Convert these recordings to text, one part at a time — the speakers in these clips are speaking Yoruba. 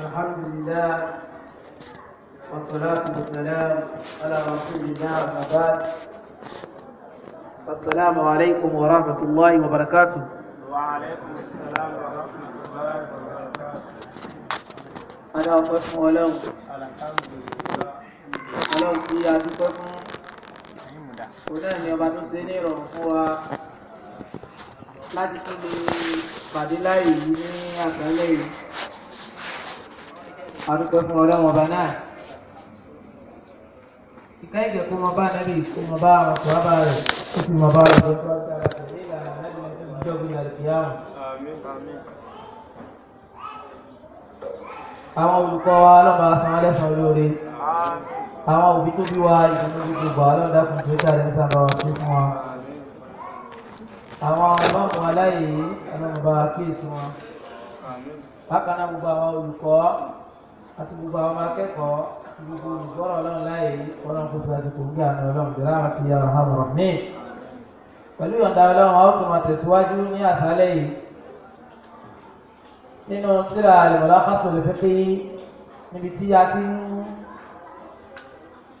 الحمد لله والصلاة والسلام على رسول الله وبعد السلام عليكم ورحمة الله وبركاته وعليكم السلام ورحمة الله وبركاته أنا أفهم ولو الحمد لله ولو في أتفهم ولو أن يبعثوا سنين رمفوها láti tún lè pàdé láì adúpẹ́ fún ọlọ́run ọba náà ìka ìgbẹ́ kó máa bá anábì kó máa bá àwọn ọ̀tọ̀ àbá rẹ̀ kó sì máa bá ọ̀tọ̀ tó àgbà rẹ̀ ní ìlànà anábì náà tó jọ bí àlùkìyà wọn. àwọn olùkọ́ wa ọlọ́ba san alẹ́sàn olóore àwọn òbí tó bí wa ìdùnnú gbogbo àwọn ọlọ́dà kùn tó jáde ní sábà wà sí fún wa àwọn ọlọ́run aláìyé ọlọ́run bá kíyèsí wọn bákan náà gbogbo àwọn olùkọ́ àti gbogbo àwọn ọmọ akẹ́kọ̀ọ́ àti gbogbo olùgbọ́rọ̀ ọlọ́run láàyè ọlọ́run gbogbo àdìgbò ń gbé àmì ọlọ́run jẹ́ láwọn ti yára hàn rọ̀ ní. pẹ̀lú ìyọ̀ǹda ọlọ́run àwọn tó máa tẹ̀síwájú ní àṣálẹ́ yìí nínú tíra àlùmọ̀lá fásitì fẹ́fẹ́ níbi tí a ti ń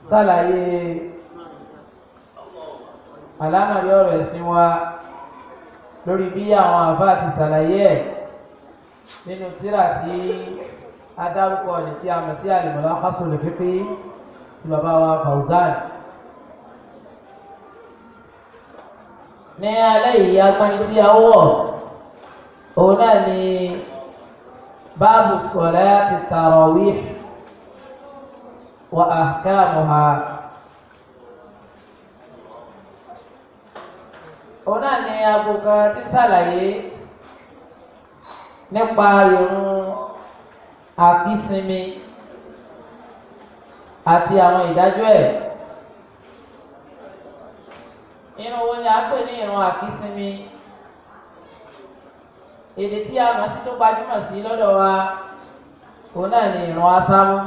sàlàyé àlámàrí ọ̀rọ̀ ẹ̀sìn wa lórí bí àwọn àbá ti sàlàyé ẹ̀ nínú tíra tí adarúkọ ní tí a mọ̀ sí àlùmọ̀lá hasan fífi tí bàbá wa Fauzan. ní alẹ́ yìí agbani tí a wọ̀ òun náà ni báàbù sọ̀láàtì tarawih wa ahkamuha. òun náà ni agbókan tí sàlàyé nípa ìrun àfi sinmi àti àwọn ìdájọ́ ẹ̀. irun wo ni a pè ní irun àfi sinmi èdè tí a mọ̀ sí tó gbajúmọ̀ sí lọ́dọ̀ wa òun náà ni irun asámú.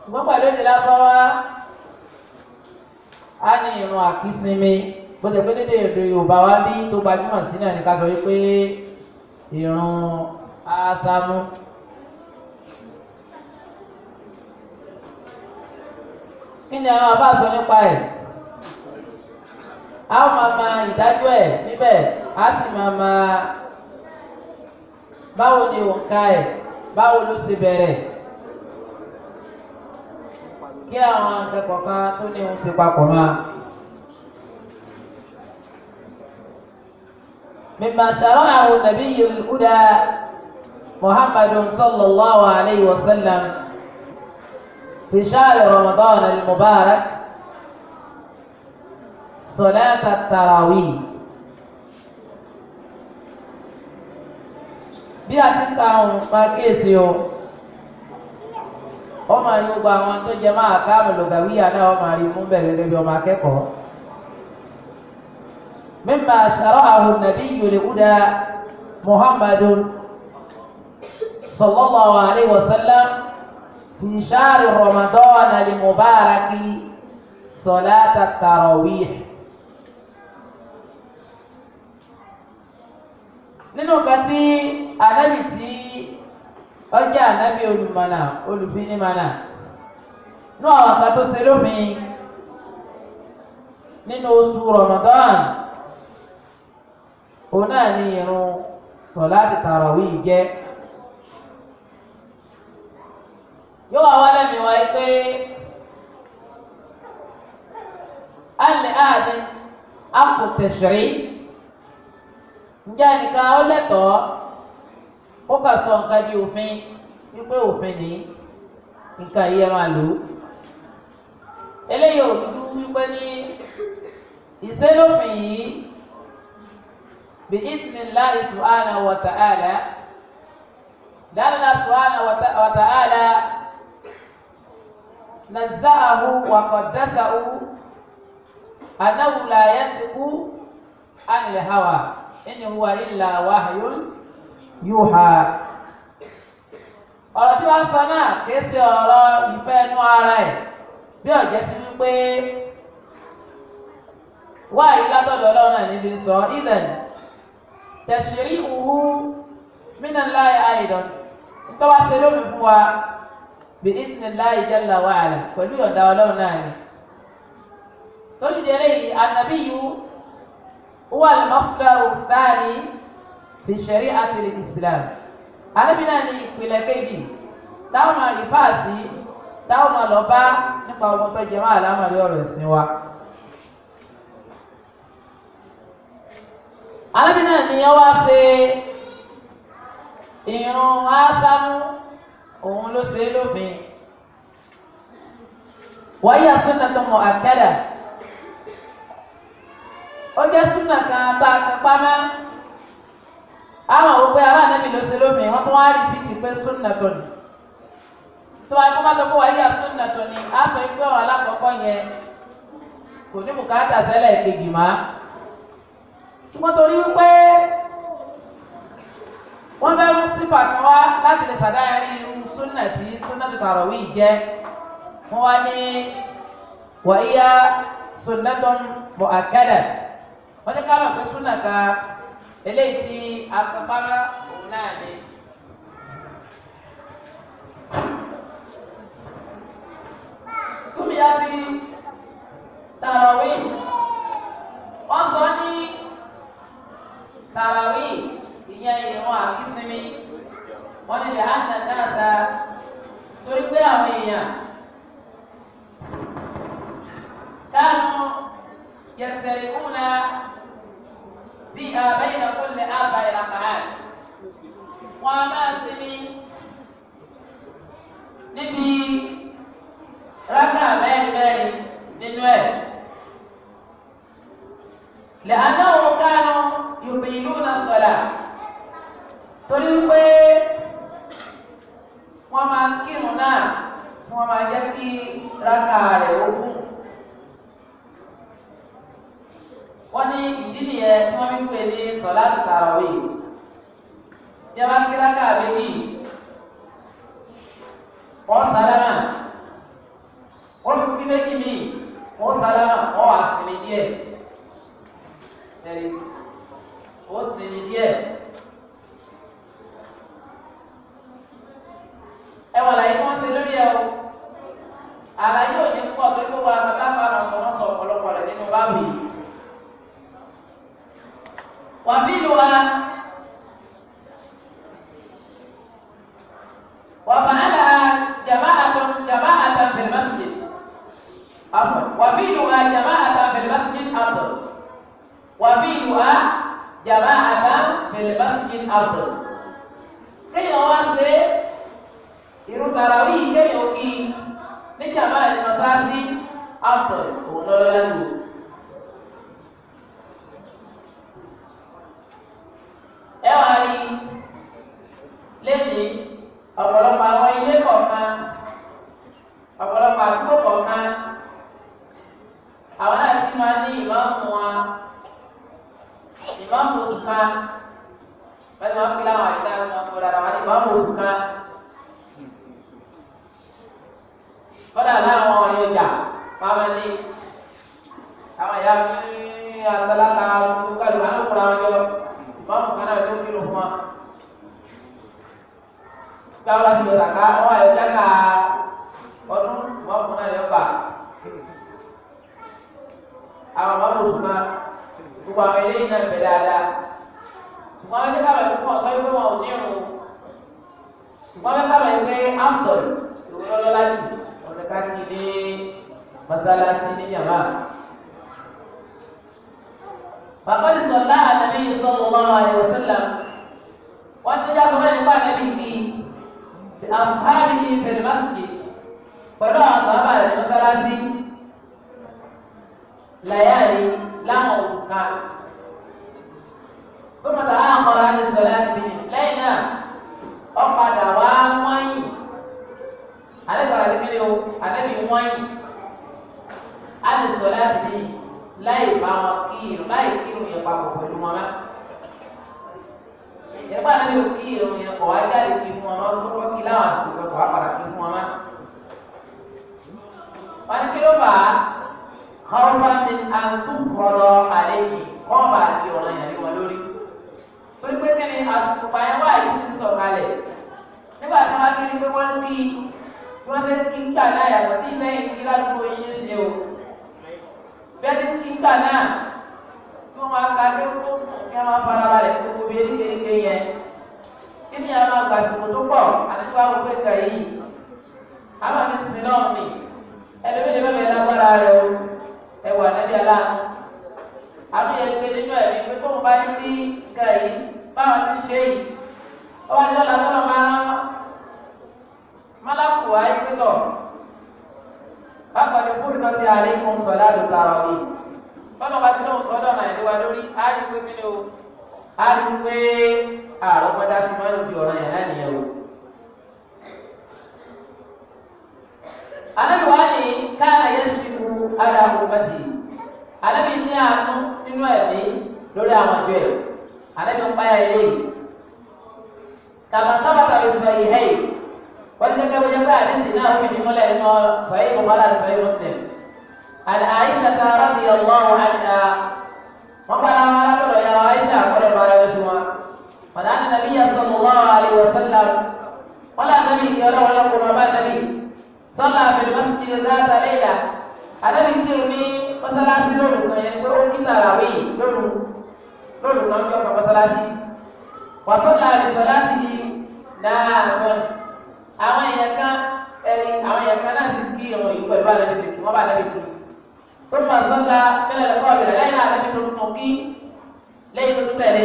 ṣùgbọ́n pẹ̀lú èdè lásánwá a ní irun àfi sinmi bó ṣe pé dédé èdè Yorùbá wa bí tó gbajúmọ̀ sí náà ni ká sọ wípé ìrun ásámú. kí ni àwọn àbá sọ nípa ẹ̀? a ó máa ma ìdájọ́ ẹ̀ níbẹ̀ a sì máa ma báwo ni òǹkà ẹ̀ báwo ló ṣe bẹ̀rẹ̀ kí àwọn akẹ́kọ̀ọ́ kan tó ní ohun ṣe papọ̀ máa. مما شرعه النبي الهدى محمد صلى الله عليه وسلم في شهر رمضان المبارك صلاة التراويح bí a ti ń ka àwọn nǹkan kéèsì o ọmọ àrí àwọn tó jẹ máa ká lògàwíyà náà ọmọ àrí mú bẹ̀rẹ̀ lẹ́bi ọmọ akẹ́kọ̀ọ́. مما شرعه النبي لهدى محمد صلى الله عليه وسلم في شهر رمضان المبارك صلاة التراويح nínú kan tí anábì tí ọjà anábì olùmọ̀nà olùfinimọ̀nà nínú àwọn kan lómi nínú oṣù Ramadan Ọ naanị nye ṅụ sọlá tètè arọ jẹ yiwa awaala mi wa eke a na-anị a kụchịchịrị nje nnìkan ọ letọ ọ ka sọ nka ofin n'ipe ofin nka yi nke a yi ya maa alo eleyi ọdụdụ n'ipe na ise yi بإذن الله سبحانه وتعالى لأن الله سبحانه وتعالى نزأه وقدسه أنه لا ينطق عن الهوى إن هو إلا وحي يوحى ọ̀rọ̀ tí wọ́n sọ náà kìí ṣe ọ̀rọ̀ ìfẹ́ inú ara ẹ̀ bí ọ̀jẹ̀ ti wípé wáyé látọ̀dọ̀ ọlọ́run náà níbi sọ ìdẹ̀nì tẹ̀sírí ìhú mínà láì àìdán tọ́wá ṣe lómi fún wa bí ìsìn láì jẹ́lá wà rẹ̀ pẹ̀lú ọ̀dà ọlọ́run náà ni. torí di eléyìí ànàbí yìí wà lọ́sọ̀rọ̀ sáàni fi ṣẹ̀rí àtìlẹ̀ Islam. ànàbí náà ni ìpìlẹ̀ kejì táwọn àlùfáà sí táwọn àlọ́bá nípa ọmọ tó jẹ máa lámàlú ọ̀rọ̀ ìsìn wa. alábí náà ni ya wa se irun ásámú òun ló ṣe é wáyà súnà tó mọ àkẹ́dà ó jẹ́ súnà kan tá a kan pamá àwọn àwọn pé ló ṣe lóbìn wọ́n tún wá rí bíi pé súnà tó nì tó wá kó bá tó kó wáyà súnà tó nì á sọ ṣùgbọ́n torí wípé wọ́n fẹ́ mú sífà kan wá láti lè sàdáyà ní irú súnà tí súnà tó tààrọ̀ wí jẹ́ wọ́n wá ní wàhíyá súnà tó ń bọ̀ àkẹ́dẹ̀ wọ́n ní ká lọ pé súnà kan eléyìí tí afẹ́fárá òun náà ní. Súnmìyá ti tààrọ̀ wí. wọ́n ní bẹ̀rẹ̀ àti àtàtà torí pé àwọn èèyàn kánú yẹsẹ̀rì kúnna bí àbẹ́yìn àkọlẹ̀ àbá ìlàkàrà wọn a máa sinmi níbi rákà mẹ́rin nínú ẹ̀. لأنهم كانوا يطيلون الصلاة. تقول máa ń kírun náà kí wọ́n máa jẹ́ kí rákà rẹ̀ ó kú. wọ́n ní ìdí nìyẹn tí wọ́n fi ń pè ní sọ̀lá tàràwì. bí a máa ń kí rákà méjì wọ́n sálámà wọ́n fi kí méjì míì wọ́n sálámà wọ́n wà sinmi díẹ̀. àwọn àlàyé tí ti lórí ẹ̀ o àlàyé òní pọ̀ tó ní gbogbo àwọn táwọn àwọn ọ̀sán wọn sọ ọ̀pọ̀lọpọ̀ rẹ̀ nínú báwò yìí. ومنها وفعلها جماعة جماعة في المسجد أمر وفعلها جماعة في المسجد أمر وفعلها جماعة في المسجد أمر كيف هو irun tara bí ìkéyìn òkì níjà máa ní mọ́sáàsì àtọ̀ òun lọ́wọ́ lẹ́nu. ẹ wá rí lẹ́yìn ọ̀pọ̀lọpọ̀ àwọn ilé kọ̀ọ̀kan ọ̀pọ̀lọpọ̀ àdúgbò kọ̀ọ̀kan àwọn náà ti máa ní ìmáàmù wa ìmáàmù òkúta wọ́n ti máa ń fi láwọn àyíká wọn fúnra wọn òkúta. kọ́dà láwọn ọ̀rẹ́ ọjà máa ní àwọn ìyá mi àtàlákà kúkàlù àwọn ọkùnrin àwọn ọjọ́ máa fún kanáà tó kí ló fún wa. Gbàgbà ti lọ́ta ká wọ́n ayọ̀ jáka ọdún wọ́n fún náà lẹ́gbà. Àwọn ọmọ mi fún wa gbogbo àwọn eléyìí náà bẹ̀ dáadáa. Wọ́n á jẹ́ káwọn ẹ̀kọ́ fún ọ̀sán ìgbé wọn ò ní ìrùn. Wọ́n fẹ́ káwọn áńtọ̀ ìrùn lọ́lọ́lá jù káàkiri ní mọ́sálásí ní yàrá. bàbá ti sọ̀lá àlàyé ìsọ̀rọ̀ máa wà ní ọ̀sẹ̀lá wọ́n ti dá sọ́mọ́ nípa àlẹ́bí ní àṣàbí ní tẹlifásitì pẹ̀lú àwọn sọ̀rọ̀ àlẹ́ mọ́sálásí làyàrí láwọn òkúta. ثم تآخر عن الصلاة بهم ليلا وقد anabi wa ti kiri o anabi wọnyi adi sọlá ti di láì bá wọn kírun láì kírun yẹn papọ̀ pẹ̀lú wọn rá ẹgbẹ́ anabi ò kírun yẹn kọ̀ wá jáde kí fún wọn rán kókó kí láwọn àti kókó wá padà kí fún wọn rá wọn kí ló bá kọ́ńtà mi àtúnkọ́lọ́ àlejò kọ́ńtà àti ọ̀ràn yẹn wọn lórí torí pé kí ni àtùpà yẹn wáyé ti sọ̀kalẹ̀ nígbà tí wọ́n á kiri pé wọ́n ń wọ́n ṣe ti ń gbà náà yàtọ̀ sí lẹ́yìn tí ládùúgbò yín ṣe o bẹ́ẹ̀ ti ti ń gbà náà tí wọ́n máa ka kí ó kó kí wọ́n máa fara balẹ̀ kó gbogbo eré kékeré yẹn kí ni àwọn àgbàsìkò tó pọ̀ àti wàá wọ́pẹ́ kà yìí àwọn àmì ti náà mi ẹlẹ́mi lè mẹ́mẹ́ lágbára rẹ o ẹ̀wà nàbí alá àbí ẹgbẹ́ nínú ẹ̀mí pé kó mo bá ní bí kà yìí báwọn ti ṣe yìí ọwọ́ mọ́lákù wáyé pẹ́tọ̀ bákan ní kúrò náà ti àlẹ́ kó ń sọ̀dá àdó tààrà mi bọ́lá bá ti lóun sọ́dọ̀ náà ìdíwá lórí á rí pé kí ni o á rí pé àrùn da sí máa ń fi ọ̀ràn yàrá nìyẹn o. Àlẹ́ wàá ní káà yẹ síbu aláwọ̀ mẹ́tì. Àlẹ́ mi ní àánú nínú ẹ̀mí lórí àwọn àjọ ẹ̀. Àlẹ́ mi ń páyà ilé yìí. Tàbátàbátà ló sọ yìí hẹ́yìí. والذي وجب عندنا من ملأ صحيح ولا صحيح مسلم عن عائشة رضي الله عنها وقال ما يا عائشة قال ما قال أن النبي صلى الله عليه وسلم ولا نبي يرى لكم ما نبي صلى في المسجد ذات ليلة أنا بكرني مثلا لولو كان يقول كتاراوي لولو لولو كان يقول مثلا وصلى بصلاته ناس àwọn èèyàn kan ẹni àwọn èèyàn kan náà ti kí ìrùn yìí pẹ̀lú àlẹ́ bìbì tí wọ́n bá lẹ́bi kú. Rúmà sọ́la kílẹ̀ lọ́kọ́ ọ̀bẹ̀rẹ̀ lẹ́yìn àlẹ́ bìbì tuntun kí lẹ́yìn tuntun tẹ̀lé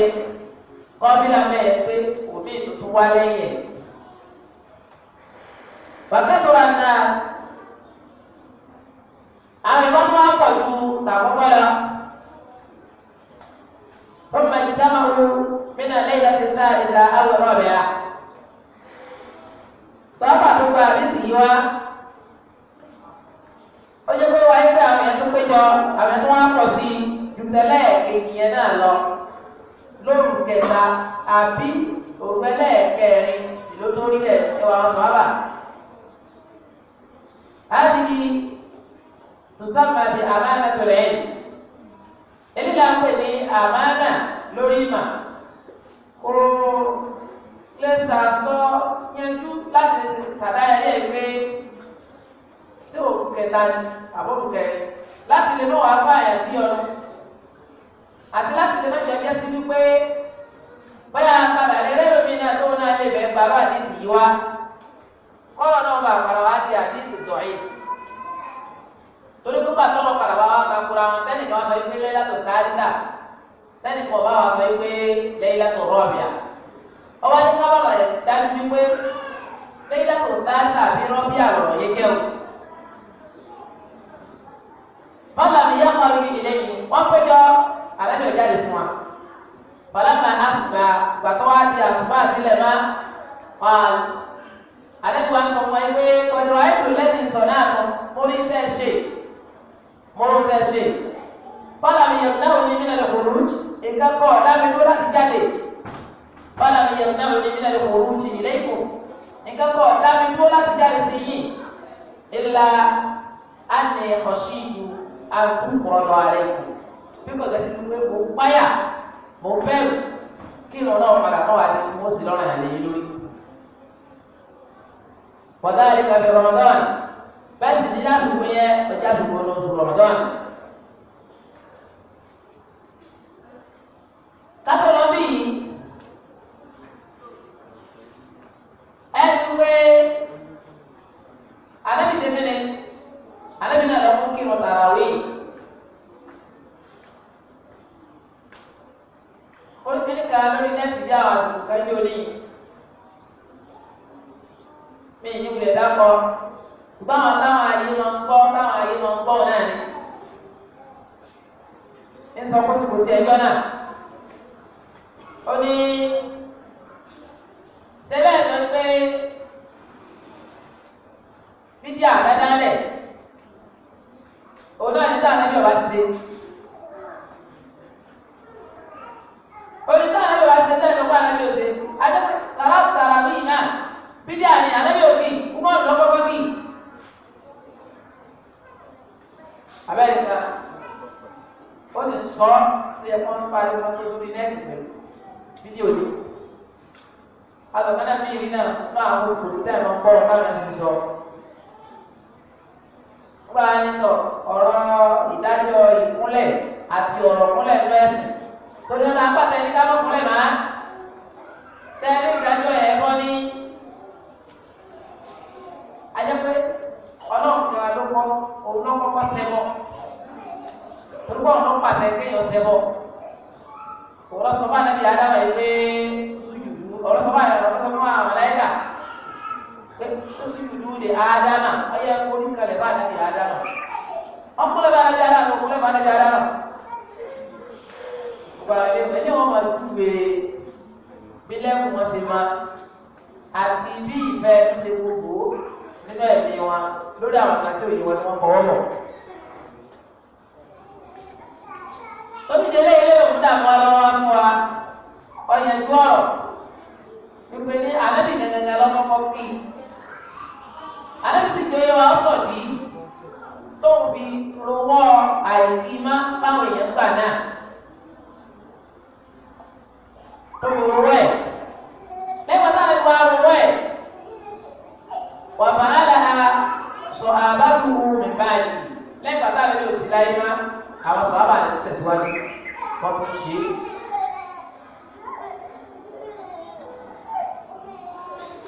kọ́bílà mẹ́ẹ̀ pé òmíì tuntun wá lẹ́yìn ẹ̀. Bàtẹ́tù wa na àwọn ìwọ́n tó pọ̀ ju tàkọ́kọ́ lọ. Rúmà ìdáhùn mí ìlú wa ó jẹ́ pé wáyé pé àwọn èèyàn tó péjọ àwọn tó wọ́n pọ̀ sí jùtẹ́lẹ̀ ènìyàn náà lọ lóru kẹta àbí òwúrẹ́lẹ̀ kẹrin ìlótórílẹ̀ ẹwà ọ̀sán àbà. Adìyí Tùsàmà di àmàna tòlẹ̀ ẹ̀. Eléyìí la ń pè ní àmàna lórí ìmà. Kòrò lẹ́sà sọ yanjú láti sàdáyà ilé ìwé tí òkú kẹta ni kẹrin láti lè má wàá bá àyà sí àti láti lè má jẹ́ jẹ́ sí wípé bóyá padà lérè lómi náà tó náà lè bẹ́ẹ̀ gbàrú àdìsí yìí wá kọ́lọ̀ náà bá àpàrà wá di torí pé bàtà lọ padà bá wà wọn wípé lẹ́yìn bá wà wípé lẹ́yìn ọba ní kábàlà dájú wípé. lẹ́yìnlá tó dá tàbí rọ́bì àlọ́rọ̀ yẹ kẹ́ o. bọ́lá mi yá máa rí ilé yìí wọ́n péjọ àlejò jáde fún wa. bàlámà àsùnà gbàtọ́ wá di àsùnmọ́ àtìlẹ̀ má wàhálà. àlejò wa sọ fún ẹ pé kọjọ àìkú lẹ́yìn sọ náà nù mo rí tẹ́ ṣe mo rí tẹ́ ṣe. bọ́lá mi yẹn náà ní mílẹ̀ lọ́kùnrin nǹkan kọ́ ọ̀dà mi dúró láti jáde. bọ́lá mi yẹn náà ní mílẹ̀ lọ́kùnrin ìlẹ́kùn nǹkan kọ̀ dábì dúró láti jáde sí yìí ìlà ànẹ ọ̀ṣì ìlú àgùnkọ̀ọ̀lọ̀ ààrẹ yìí bí kò tẹ̀sí pé mo páyà mo bẹ̀rù kí ìrọ̀ náà padà kọ́ wa ní mo sì lọ́rọ̀ yàn lẹ́yìn lórí. Bọ̀dá yìí kàbí Ramadan bẹ́ẹ̀ sì ní láti wọ́n yẹ ọjà àdúgbò lóṣù Ramadan. Kátó lọ ṣe mẹ́lẹ̀ alẹ́bí náà lọ́kùn kírun tàràwé. olùkíní kan lórí nẹ́ẹ̀sì yá àwọn àtùkọ́jọ́ ní mi ìyí wulẹ̀ dákọ̀ ṣùgbọ́n àwọn táwọn ayé lọ ń gbọ́ táwọn ayé lọ ń gbọ́ náà ni. ń sọ kó ti kò náà ó ní tẹ́lẹ̀ lọ pé bídíà àdádálẹ̀ òun náà nígbà náà yọba ti dé. onígbà náà yọba ti dé sẹ́yìn lọ́kọ́ ànábì òde adébẹ̀ sàrà sàrà mí náà bídíà ni ànábì òkì kúmọ̀ lọ́kọ́kọ́ kì. abẹ́rẹ́ sá ó ti sọ ọ́ sí ẹ̀kọ́ nípa ẹ̀kọ́ tó lórí nẹ́ẹ̀tì bídíò ni alọ̀mọ́dá mi rí náà fún àwọn olùkọ́ tẹ̀ lọ́kọ́ ọ̀gá mi ti sọ fúra ẹni tọ ọ̀rọ̀ ìdájọ́ ìkúnlẹ̀ àti ọ̀rọ̀ kúnlẹ̀ tó ẹ̀sìn torí ọ̀nà apáta ẹni ká lọ́kúnlẹ̀ máa tẹ́lẹ̀ ìdájọ́ ẹ̀ bọ́ ní ajẹ́pẹ́ ọlọ́ọ̀kùnrin wa ló kọ́ òun náà kọ́kọ́ sẹ́bọ̀ orúkọ ọ̀nà pàtẹ kéèyàn sẹ́bọ̀ òun lọ sọ fún àdàbí adáwọ̀ yìí pé ọ̀rọ̀ sọ fún àwọn ọ̀rọ̀ sọ fún àwọn ọ̀láyà sujudu adama ọyẹ kóni kalẹ̀ bá anabi adama ọkùnrin bá anabi adama ọkùnrin bá anabi adama gbàgbé ẹni wọn máa dùgbé bílẹ̀kù wọn ti ma àti bí ìfẹ́ ti gbogbo nínú ẹ̀mí wọn lórí àwọn àti òyìnbó tí wọ́n fọwọ́ mọ̀. lóbìdí eléyìí lóyún dààmú ọlọ́wọ́ fún wa ọ̀yẹ̀dú ọ̀rọ̀ ìpè ní anábì gẹ́gẹ́ lọ́kọ́kọ́ kí i. rọwọ́ àìrímá fáwọn èèyàn gbà náà. Rọwọ́ ẹ̀ lẹ́gbàá táwọn ẹ̀kọ́ rọwọ́ ẹ̀ wà máa là á sọ àbábù mi báyìí lẹ́gbàá táwọn ẹ̀kọ́ ti láyé má àwọn sọ àbá àti tẹ̀síwájú wọ́n fi ṣe é.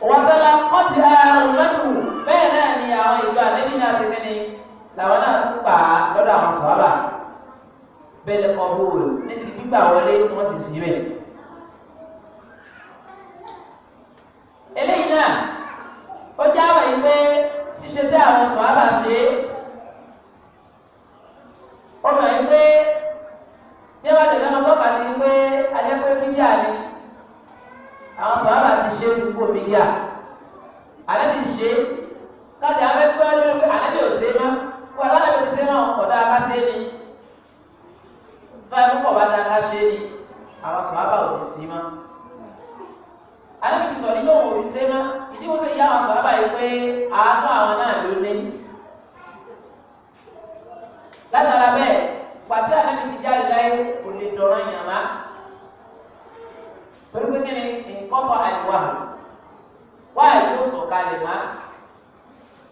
Wàtàlá kọ́tì ha ọ̀rọ̀ mẹ́tò bẹ́ẹ̀ náà ni àwọn ìgbà lẹ́yìn náà ti mẹ́ni làwọn náà tún gbà á lọ́dọ̀ àwọn sọ́ọ́bà bẹ́ẹ̀ ọ̀hún níbi gbígbà wọlé wọ́n ti sí bẹ́ẹ̀. eléyìí náà ó já wà yìí pé ṣíṣe tí àwọn sọ́ọ́bà ṣe ó mọ̀ yìí pé bí wọ́n ti lọ́nà tọ́ka sí pé adẹ́pẹ́ bíyà ni àwọn sọ́ọ́bà ti ṣe gbogbo bíyà àlẹ́ ti ṣe káàdì abẹ́pẹ́ lórí pé àlẹ́ yóò ṣe máa wàhálà mi ti sẹ́wọ̀n ọ̀dà bá ṣe ni báyìí púpọ̀ bá da ká ṣe ni àwọn sọ̀rọ̀ ò sí ma. alábìtì sọ̀rọ̀ ilé òun ò sí ma ìdí wọn sì yá àwọn sọ̀rọ̀ báyìí pé àánú àwọn náà ló ní. látara bẹ́ẹ̀ pàtí alábìtì jáde láyé kò lè dọ̀rọ̀ yàrá pẹ̀lú pé kí ni nǹkan bọ̀ àìwá wáyé yóò sọ̀kalẹ̀ má.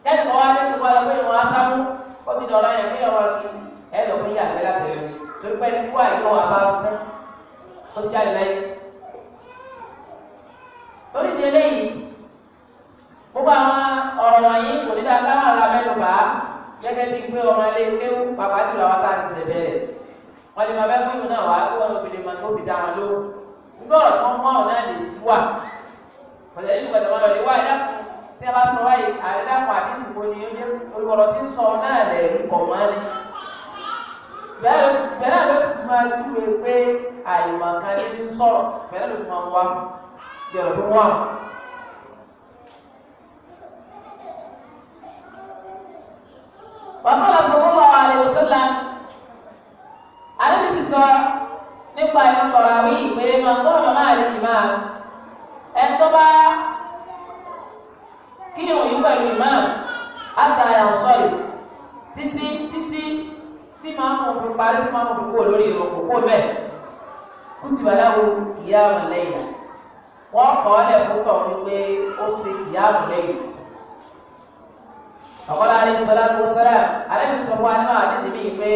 kẹ́ni kọ́ wá lẹ́sìn wá lọ pé ìwọ̀n á sáfún ó ti dọ̀rọ̀ yẹn kí ọmọ kí ẹ lọ fún yàgbẹ́ látẹ̀lẹ́ torí pé ikú àìkọ́ wà bá fún ó jáde láyé. lórí ti eléyìí gbogbo àwọn ọ̀rọ̀ wọ̀nyí kò ní dáa káwọn alámẹ́lò bá gẹ́gẹ́ bí pé ọmọ ilé kéwù pàpà jùlọ àwọn tá a tí a bá sọ wáyé àrídàpọ̀ àdínkù wo ni olùkọ́lọ́ ti ń sọ náà lẹ̀ ń kọ̀ mọ́ ni. bẹ́ẹ̀ náà ló ti máa júwe pé àyùmọ̀ kan ní ń sọ̀rọ̀ bẹ́ẹ̀ ló ti máa wá bí ọdún wà. wàá kọ́lá sọ fún wa àlejò tó la àlejò sọ nípa ẹ̀kọ́ kọ̀ọ̀rọ̀ àwìn ìpè máa ń gbọ́ ọ̀rọ̀ máa lè máa ẹ̀ bá kíyàn yìí pẹ̀lú ìmáàmù àtàyà ọ̀sọ́lì títí títí tí máa ń mú parí tí máa ń mú kúrò lórí ìrọ̀kù kó bẹ́ẹ̀ kú ti wà láwo ìyá àmàlẹ́yìn wọ́n kọ́ ọ́ lẹ̀ fún tọ̀ wípé ó ṣe ìyá àmàlẹ́yìn. ọ̀kọ́lá alẹ́ sọlá tó sọlá alẹ́ mi sọ fún wa náà àti tèmi pé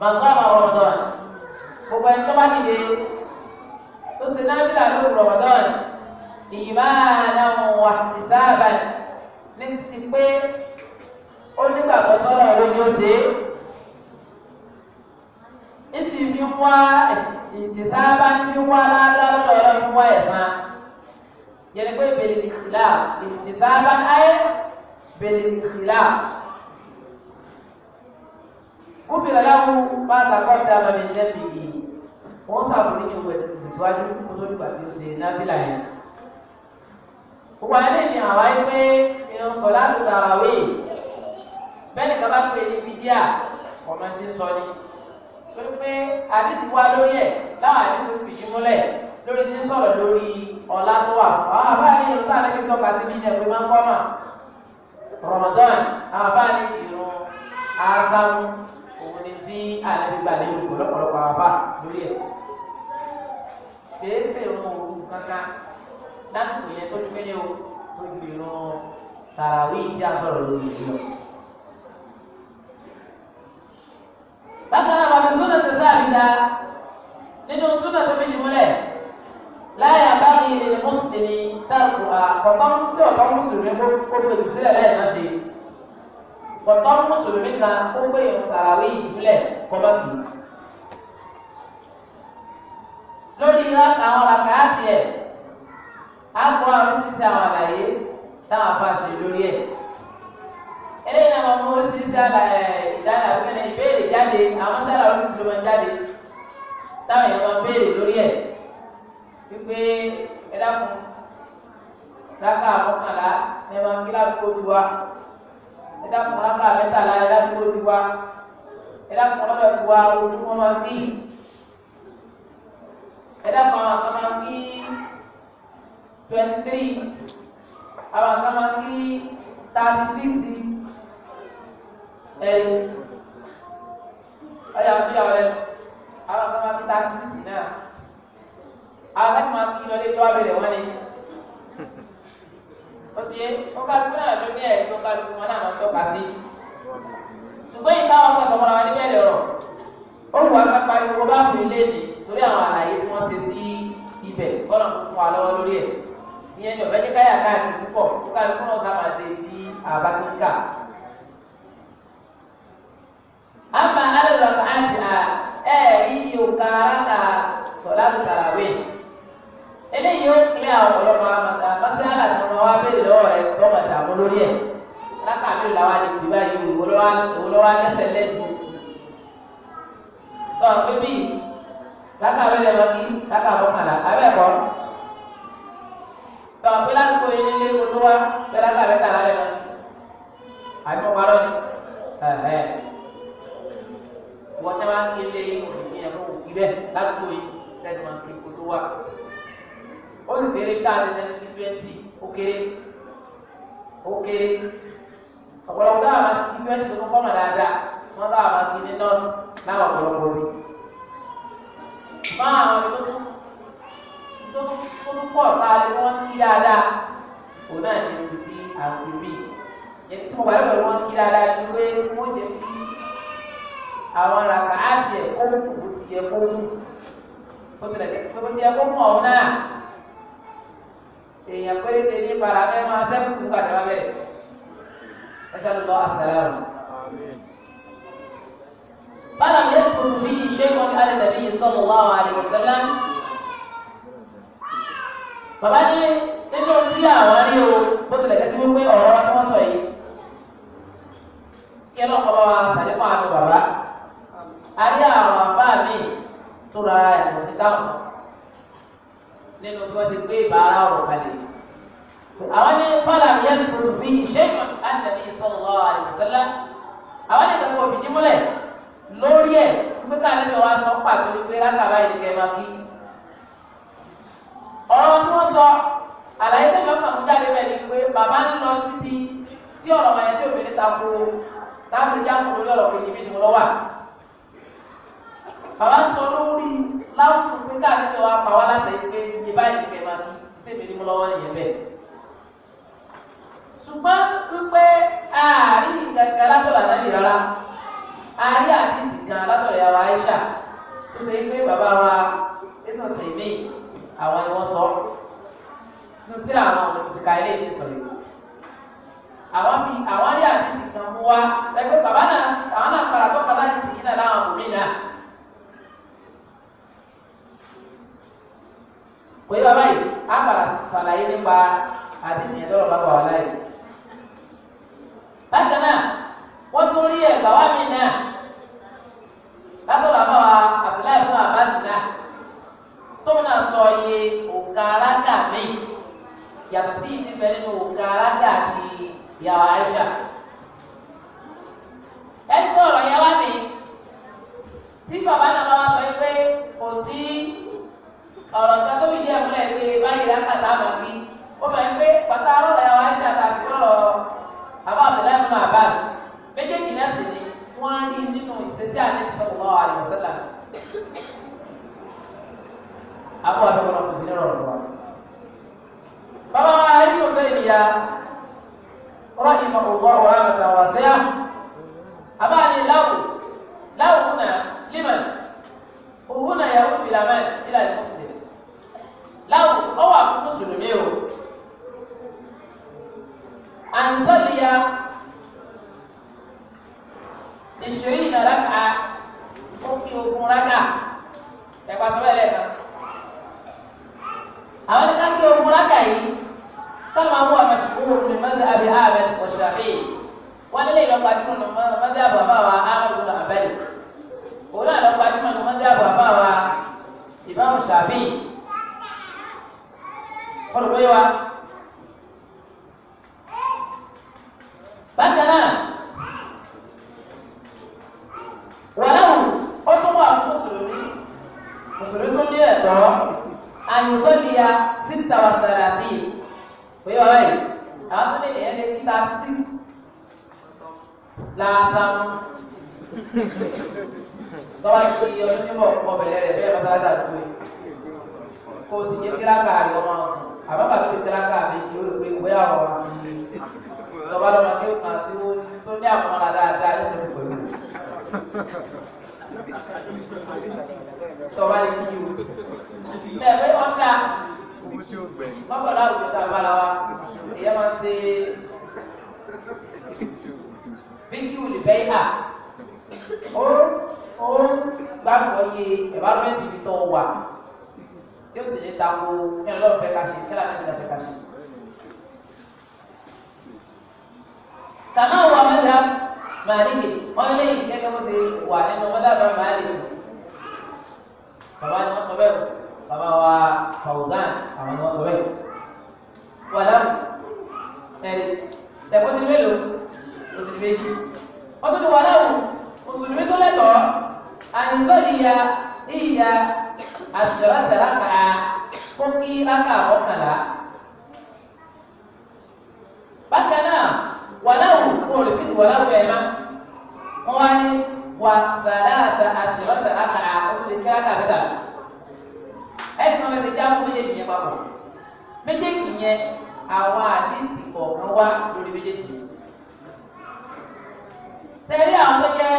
màgbà máa wọ̀ ọ̀dọ̀ gbogbo ẹni tó bá dìde tó ṣe náà bí ìmáàlá wà ìsáàbà ní ti pé ó nígbàgbọ́ sọ́nà ló ní ó ṣe é. Ìsì fi ń wá ìsáàbà ń fi wá ládàá lọ́dọ̀ ọ̀rọ̀ ń wá ẹ̀sán. Yẹ́nì pé bèlè ìkìláàs ìsáàbà ayé bèlè ìkìláàs. Gómìnà láwùú bá takọ́ da ọmọ mi lẹ́bi yìí. Wọ́n sàbòrí ìwé ìtìsíwájú kó tó dùgbà tí ó ṣe nábìlà yẹn gbogbo ayé lè fi hàn wáyé pé irun sọ láti tàràwé bẹ́ẹ̀ni kaba pé ní bídíà ọmọ ti ń sọ ni torí pé àdìsí wa lórí ẹ̀ láwọn àdìsí ti fi múlẹ̀ lórí ti ń sọ̀rọ̀ lórí ọ̀la tó wà àwọn àbáyé irun tá a lè fi tọ́ka sí bídíà pé máa ń kọ́ mà Ramadan àwọn àbáyé irun azamu òun ni tí àlẹ́ gbígbà lè lò lọ́pọ̀lọpọ̀ àbá lórí ẹ̀ kéésì irun òru kankan lásìkò yẹn tó dúpẹ́ ní o tó ju ìran tàràwí tí a sọ̀rọ̀ lórí ìlú lọ. bákan náà bàbá sọ́dọ̀ tó sáà mi ta nínú sọ́dọ̀ tó fi jùmọ́lẹ̀ láyà bá mi lè mùsùlùmí tààkù àkọ́kọ́ tí ọ̀tọ́ mùsùlùmí kó pè jù sílẹ̀ lẹ́yìn náà ṣe kọ̀tọ́ mùsùlùmí kan ó gbé ìran tàràwí ìjùlẹ̀ kọ́ bá fi lórí ìlà àwọn làkàá tiẹ̀ àpò àwọn títí àwọn àlàyé táwọn afa ṣe lórí ẹ̀. eléyìí náà wọn mú títí àlàyé ìdáná fún ẹ béèrè jáde àwọn sára wọn tuntun máa jáde táwọn èèyàn máa béèrè lórí ẹ̀ wípé ẹ dákun rákà mọ́kànlá ẹ máa kí ládùúgbò ju wa ẹ dákun rákà mẹ́tàlá ẹ ládùúgbò ju wa ẹ dákun lọ́dọ̀ ju wa ojú wọn máa ń bí ẹ dákun àwọn kan máa ń bí twenty three àwọn àgbà máa kí thirty six ẹ̀yìn ọ̀yà fi ọ̀rẹ́ àwọn àgbà máa kí thirty six náà àwọn àgbà máa kí lọ́lé tó abẹ́rẹ́ wọn ni ó ti yé ó kálukú náà ló ní ẹ̀rí tó kálukú wọn náà lọ́sọ̀ pàṣẹ ṣùgbọ́n ìtawọ́ ọ̀sẹ̀ ọ̀mọ̀ràn wọn níbẹ̀ lọ̀rọ̀ ó wù wá kápá ìwọ bá fún ilé yìí lórí àwọn àlàyé tí wọ́n ti sí ibẹ̀ kọ́nà fún wa lọ́wọ́ lórí ẹ̀ ìyẹn ní ọ̀bẹ ní káyà káàkiri púpọ̀ tó káàkiri kúrò ká máa ṣe sí àbátíkà. àmà alọ́lọ́kọ̀ àti à ẹ̀ iye òkà aráka sọ̀lá ti sàràwé. eléyìí ó kílẹ̀ ọ̀pọ̀lọpọ̀ àmàtà mọ́sálà tó wọn wá bèèrè lọ́wọ́ rẹ̀ lọ́mọ ìdààmú lórí ẹ̀. láka mi làwọn àti ìdìbò ayé òwòlọ́wọ́ alẹ́sẹ̀ lẹ́sìn. tọ́ láka abẹ́lẹ̀ lọ kí láka àbọ̀mọ̀lá abẹ́ ẹ̀kọ́ tọ́wọ́ pé lásìkò yìí nílé olú wa bẹ́ẹ̀ láti àbẹ́ tàlá lẹ́nu àbí parọ́ ni wọ́n tẹ́ máa ń kéde ìyẹn fún òkú bẹ́ẹ̀ lásìkò yìí tẹ́tí máa ń kiri kó tó wà ó sì kéré tá a ti tẹ́tí sí twenty ó kéré ó kéré ọ̀pọ̀lọpọ̀ táwọn máa ti twenty tó kọ́kọ́ mọ̀ dáadáa wọ́n táwọn máa ti ní nọ́ọ̀nù láwọn ọ̀pọ̀lọpọ̀ mi. máa àwọn ẹni tó tún tó ń pọ̀ tá a lè wọ́n kí dáadáa òun náà ṣe ti di àrùn mi èyí tí mo wà lọ́wọ́ wọn kí dáadáa ni pé wọ́n jẹ́ kí àwọn ràkà á jẹ kó kù bó ti yẹ kó mú bó tilẹ̀ kó bó ti yẹ kó mú ọ̀hún náà èèyàn péréte ní ìpara bẹ́ẹ̀ máa sẹ́kù fún gbàdúrà bẹ́ẹ̀ ẹ sọ́dọ̀ lọ àṣàlárò. فلم يذكر فيه شيء عن النبي صلى الله عليه وسلم bàbá ní nínú tí àwọn rí o bó tilẹ̀ kẹ́sí wípé ọ̀rọ̀ wa tí wọ́n sọ yìí kí ẹlọ́kọ̀ bá wa sàlékún àánú bàbá a rí àwọn àbá mi tó ra ẹ̀sùn sí táwọn nínú tí wọ́n ti gbé ìbára ọ̀rọ̀ kalẹ̀ àwọn ní bọ́lá mi yẹn kúrò bí iṣẹ́ àtẹ̀lé sallallahu alaihi wasallam àwọn ní ìgbàgbọ́ òbí dímúlẹ̀ lórí ẹ̀ pípẹ́ káàlẹ́ mi wá sọ pàtó wípé rákàbá ìdíkẹ́ máa fi ọ̀rọ̀ tí wọ́n sọ àlàyé tẹ̀lé ọkàn mú jáde bẹ́ẹ̀ ni pé bàbá ń lọ síbi tí ọ̀rọ̀ wọn yẹn tí obìnrin ta ko láti já kúrò lọ́rọ̀ kejì méjì wọn wà. bàbá sọ lórí láwùjọ pé káàdì tó wà pa wá láti ẹ̀yìn pé iye báyìí kẹ̀ máa tún tèmi ní mo lọ́wọ́ nìyẹn bẹ́ẹ̀. ṣùgbọ́n wípé àárín ìgbàgbà látọ̀lá náà rárá àárín àti ìgbà látọ̀lá yàrá Aisha tó ṣe pé àwọn ni wọ́n sọ ní tí àwọn òṣìkà ilé ìdí sọ̀rọ̀ yìí. àwọn bí àwọn ayé àti ìtàn mú wa lẹ́gbẹ́ bàbá náà àwọn náà padà tó padà sí ìyìn náà láwọn òmìn náà. pé bàbá yìí á padà sàlàyé nípa àdéhùn ẹ̀dọ́rọ̀ bàbá wa láyé. bákan náà wọ́n tún rí ẹ̀gbà wá mi náà látọ̀dọ̀ àbáwá àtìláyé fún tóun náà sọ iye òǹkà alága míì yàtọ̀ sí ìdí bẹ nínú òǹkà alága àti ìyàwó àìsà. ẹgbẹ́ ọ̀rọ̀ yẹn wá ní tí bàbá náà bá wá sọ pé kò sí ọ̀rọ̀ kan tó fi jẹ́ ìmúlẹ̀ pé báyìí lákàtà àmọ́ sí ó fẹ́ pé pàtà àrọ́lọ̀ ìyàwó àìsà àti ọ̀rọ̀ àbá ọ̀tẹ̀lẹ̀ fún àbá méjèèjì náà sì ni wọ́n á rí nínú ìṣesí àlẹ́ ìṣọ̀rọ̀ àlùfẹ́lá àbọ̀ àti ọ̀nà kò sí lọ́rọ̀ lọ́wọ́. bàbá wa ayé tó fẹ́ ìyá ọ̀rọ̀ ìmọ̀ òwò ọ̀rọ̀ àgbàtà wà sẹ́yà àbá ni láwù láwù náà límẹ̀ òwú náà yà wù bìlámẹ̀ ìlà ìmọ̀sẹ̀ láwù ọwọ́ àkókò sùlùmí o àǹtọ́lìyà ìṣòyìn náà rákà ó fi ogun rákà ẹ̀pà tó bẹ́ẹ̀ lẹ́ẹ̀kan àwọn tí káṣí ogun lákà yìí sábà wọ àmàṣùkúrò ní mọ́tò àbí ààrẹ ọ̀ṣàfẹ́ wọn nílé ìlọ́pàá tí wọn mọ́tò àbọ̀ àbáwá ààrẹ ọ̀nà àbẹ́lẹ̀ òun náà lọ́pàá tí wọn mọ́tò àbọ̀ àbáwá ìbáwọ̀ ṣàfẹ́ wọn lọ mọ̀ ọbẹ̀rẹ̀ rẹ̀ bẹ́ẹ̀ bàbá dà tó yẹ kó o sì yé kíláàkà rẹ̀ ọmọ àbábà tó yẹ kíláàkà mi ti o lè pe ìwé àwọn ọmọ mi lọ́ba lọ́ba kí o kàn sí o tó ní àpamọ́ra dáadáa ní ìṣẹ̀lẹ̀ pẹ̀lú tọ́ba lè kí o ẹ̀ pé wọ́n dá mọ́kànlá òjò tá a bá la wa ìyá máa ń ṣe bíkí olùfẹ́ yà ó ó gbàgbọ́ yé ẹ̀bárọ́mẹ́ntì fi tọ́ wà yóò sì lè dako ẹ̀rọ lọ́wọ́ fẹ́ ká ṣe kẹ́lá ní ìdá fẹ́ ká ṣe. Tàmá wà mẹ́ta màálìkì wọ́n lé ìjẹ́gẹ́ bó ṣe wà nínú mọ́tà bá màálìkì. Bàbá ni wọ́n sọ bẹ́ẹ̀ bàbá wa Fawzan àwọn ni wọ́n sọ bẹ́ẹ̀. Wàlá ẹ̀rí tẹ̀kọ́ ti mélòó? Òtún méjì. Wọ́n tún ní wàlá òun, òtún méjì tó lẹ́tọ̀ọ́ àǹtọ́lìyà ìyá àṣìṣọ́láṣà rákà fún kí rákà ọ̀kànlá. bákan náà wàláwù kúrò lè fi wàláwù ẹ̀ má wọ́n wá ní wà sàlááta àṣìṣọ́láṣà rákà ó lè fi rákà bẹ́tà. ẹ̀sìn náà wọ́n ti já fún méjèèjì yẹn papọ̀ méjèèjì yẹn àwọn àdéhùn kọ̀ọ̀kan wá lórí méjèèjì. tẹ̀lé àwọn tó jẹ́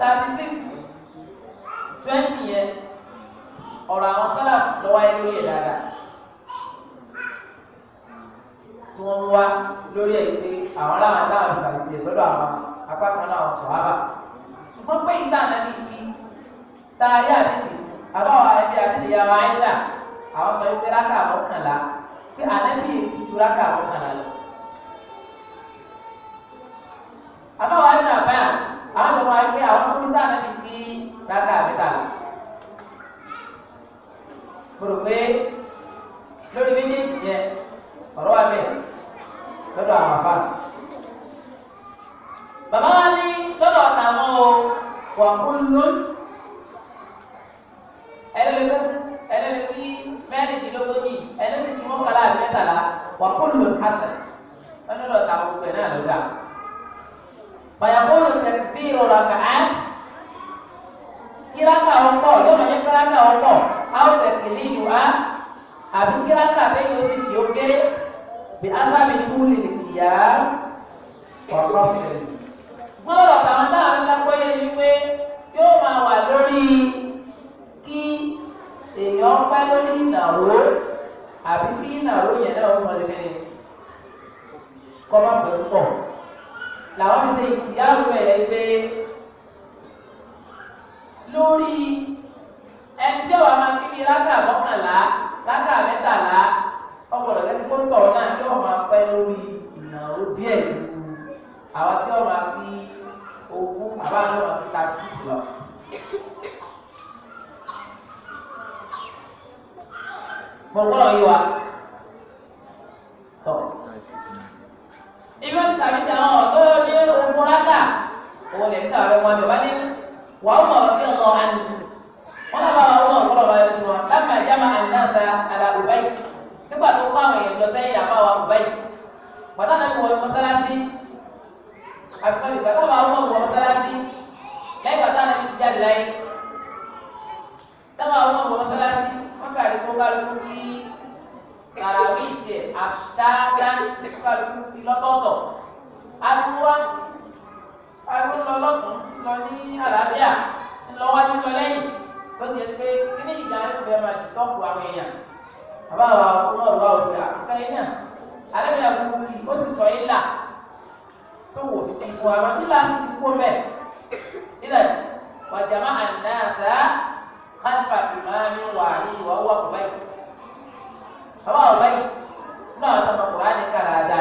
thirty six fẹ́ǹtì yẹn ọ̀rọ̀ àwọn sálà lọ́wọ́ ayé lórí ẹ̀ dáadáa tí wọ́n ń wá lórí ẹ̀ pé àwọn aláwọ̀ náà ti tàbí tiẹ̀ sọ́dọ̀ àwọn apá kan náà sọ̀ ábà ṣùgbọ́n pé ìgbà náà ní ibi tá a yá àti àbáwọ̀ ẹbí àti ìyàwó àyíṣà àwọn sọ wípé rákà mọ́kànlá pé ànábì ju rákà mọ́kànlá lọ. àbáwọ̀ àyíṣà báyà àwọn sọ wọn wípé àwọn tó ń dá dáká àbẹ́tàlá ni, rò pé lórí méjèèjì yẹ ọ̀rọ̀ wa bẹ́ẹ̀ lọ́dọ̀ àwọn àbá bàbá wa ní lọ́dọ̀ àtàwọn o wà kúló ẹlẹ́lẹ́kí mẹ́rìndínlógójì ẹlẹ́lẹ́kí mọ́kànlá àbẹ́tàlá wà kúló hasan lọ́dọ̀ àtàwọn gbẹ̀ náà ló dà. ويقول تكبير ركعات kíráka ọkọ yóò máa jẹ kíráka ọkọ àwọn tẹsílì yìí wá àbí kíráka bẹ́ẹ̀ yóò ti di oge bí asábì kú lè kìyà ọ̀rọ̀ sílẹ̀. gbọ́dọ̀ táwọn táwọn ń dákọ́ yé ni pé yóò máa wà lórí kí èèyàn pẹ́ lórí ìnáwó àbí kí ìnáwó yẹn náà wọ́n lè rìn kọ́ máa pẹ̀lú pọ̀ làwọn ti ṣe ìyá rẹ̀ pé lórí ẹni tí wàá máa kíbi rákà mọ́kànlá rákà mẹ́tàlá ọgbọ̀dọ̀ kẹ́tí kó tọ̀ náà tí wọ́n máa pẹ́ lórí ìnáwó díẹ̀ ju àwọn tí wọ́n fi ogún àbá máa fi ta títì lọ. gbọ̀ngbọ̀n yìí wa tọ̀. ìwé ìtàbí ti àwọn ọ̀dọ́ ní ogun rákà òun lè ń tàwé wọn bẹ̀ wá وعمر رضي الله عنه ونبى عمر رضي الله عنه لما جمع الناس على أبي سبع تقام يجلسين أبا أبي فتنا هو المسلسي أبصري فتنا عمر هو المسلسي لا يفتنا الإسجال لي تما عمر هو المسلسي وكاري فوقال كوكي Tarawih asadan sekali lọ́tọ̀ọ̀tọ̀, aluwa, alu lọlọtun, lọ ní àlàáfíà ń lọ wájú lọ lẹ́yìn ló ti ẹ̀ pé kíní ìgbà ìfẹ́ máa ti sọ́ọ̀kù àwọn èèyàn bàbá wa ọmọ ọ̀rọ̀ ọ̀gbìn àkọkẹ́ náà alẹ́bí àgùnbí ó ti sọ yín là tó wò fi kú àwọn tí láti fi kú bẹ́ẹ̀ nílẹ̀ wàjàmá àdáàsá kálífà ìmáàmì wà ní ìwà owó àkùbáyì bàbá àkùbáyì náà tọmọkùnrin á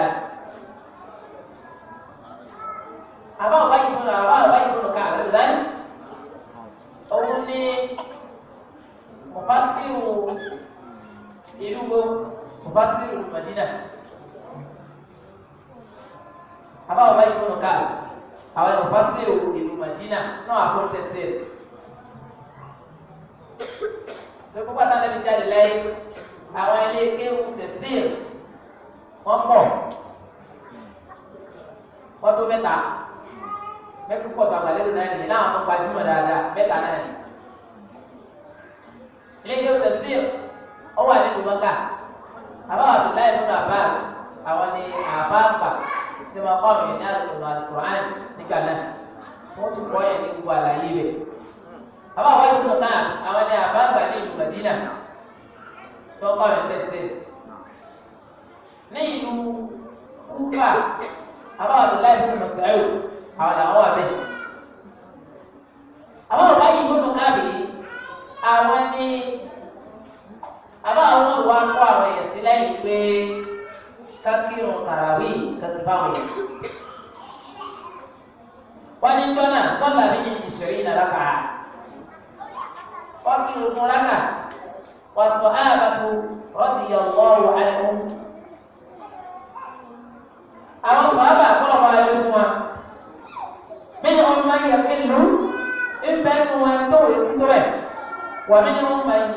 ومنهم من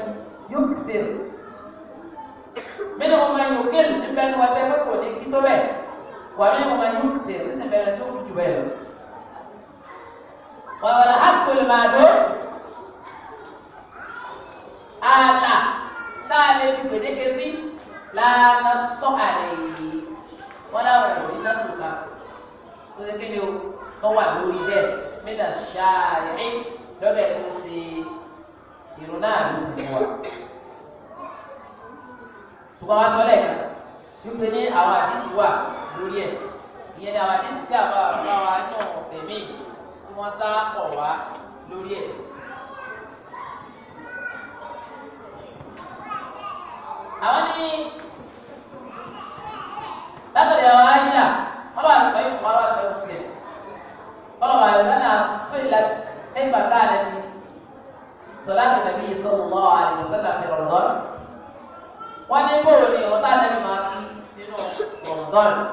يكثر منهم من يقل níbẹ̀ ni wọ́n tẹ́ pé kò ní kí tó bẹ́ẹ̀ ومنهم من يكثر sísè bẹ̀rẹ̀ tó kù jù bẹ́ẹ̀ lọ. والحق المعلوم ààlà tá a lè fi gbèdéke sí láàlá sọ àlè yìí wọn láwọn ẹ̀rọ ní lásùkà tó ṣe kéde o wọn wà lórí bẹ́ẹ̀ mí dà ṣáà rí lọ́bẹ̀ẹ́ tó ṣe é ìrún náà ló kù wá ṣùgbọ́n wá sọ́lẹ̀ wípé ní àwọn àdìsí wà lórí ẹ̀ ìyẹn ní àwọn àdìsí tí àbá bàbá wa ní ọ̀rọ̀ tẹ̀mí tí wọ́n sá pọ̀ wá lórí ẹ̀. àwọn ní látọ̀dẹ̀ àwọn àyíṣà wọ́n bá àgbáyé kọ́ wá lọ́wọ́ tẹ̀ wọ́n lọ́wọ́ àyọ̀ lọ́nà àtúntò ìlà ẹ̀yìn bàbá rẹ̀ ní. صلاة النبي صلى الله عليه وسلم في رمضان وأن يقول لي وطعنا لما في رمضان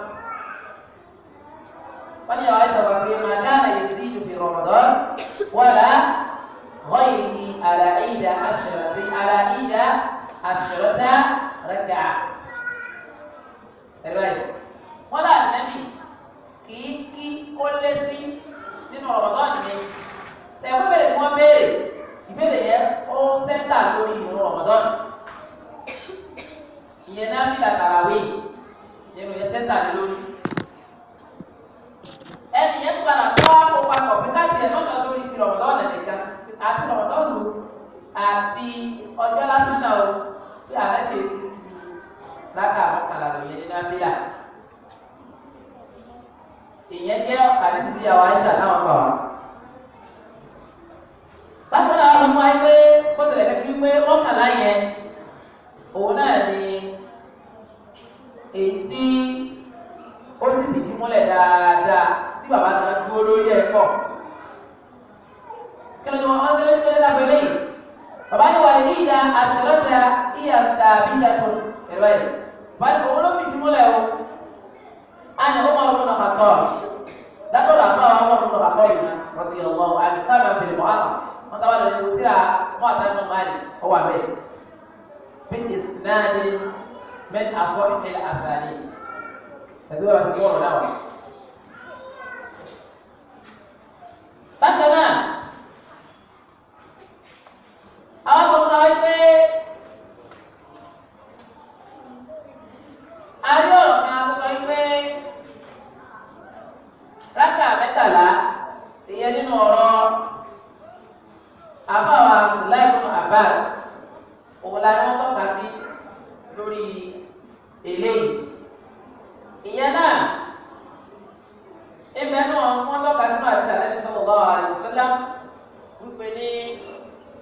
وأن يعيش بربي ما كان يزيد في رمضان ولا غيره على عيد عشرة على عيد عشرة ركعة الرواية ولا النبي كي كي كل سي من رمضان نيجي تقول لي ìbéèrè yẹn ó sẹ́ńtà lórí ìrún Ramadan ìyẹn náà fi làtàràwé ìrún yẹn sẹ́ńtà lé lórí ẹnì yẹn padà tó àpò papọ̀ bí káàkiri ẹ̀ lọ́dọ̀ lórí ti Ramadan nìkan àti Ramadan lò àti ọjọ́ lásán náà o tí àlẹ́ ti láka àbọ̀kàlà lòyìn ní nàbíyà ìyẹn jẹ́ ọ̀kàlì títí àwọn àìsàn náà wà wá àtúntò àwọn ọmọ ayé pé kó tẹ̀lé kẹ́kẹ́ fi pé mọ́kànlá yẹn òun náà ni èyí tí ó sì bìbí múlẹ̀ dáadáa tí bàbá náà dúró lórí ẹ̀ pọ̀ kí ló ní wọn kí ló ní wọn lábẹ́ lẹ́yìn bàbá ní wà ní ìdá àṣìlọ́tà ìyá tàbí ìyàtọ̀ ẹ̀rọ ẹ̀ bàbá ní òun ló bìbí múlẹ̀ o àná ó máa ń lọ́nà pàtó látọ̀dọ̀ àbá wa wọ́n lọ́nà pàtó yìí náà rọ̀bì ọ̀gbọ́n àbí sábà bẹ̀rẹ̀ mọ́ àtọ̀ wọn káwọn lọ sí ra wọn àtàwọn ọmọ àlè ọwọ abẹ bíi ìsìnáàdì mẹni asọ ìpínlẹ̀ àtàlẹ tàbí wọn ti gbọ́ ọ̀rọ̀ náà wọn. bákan náà.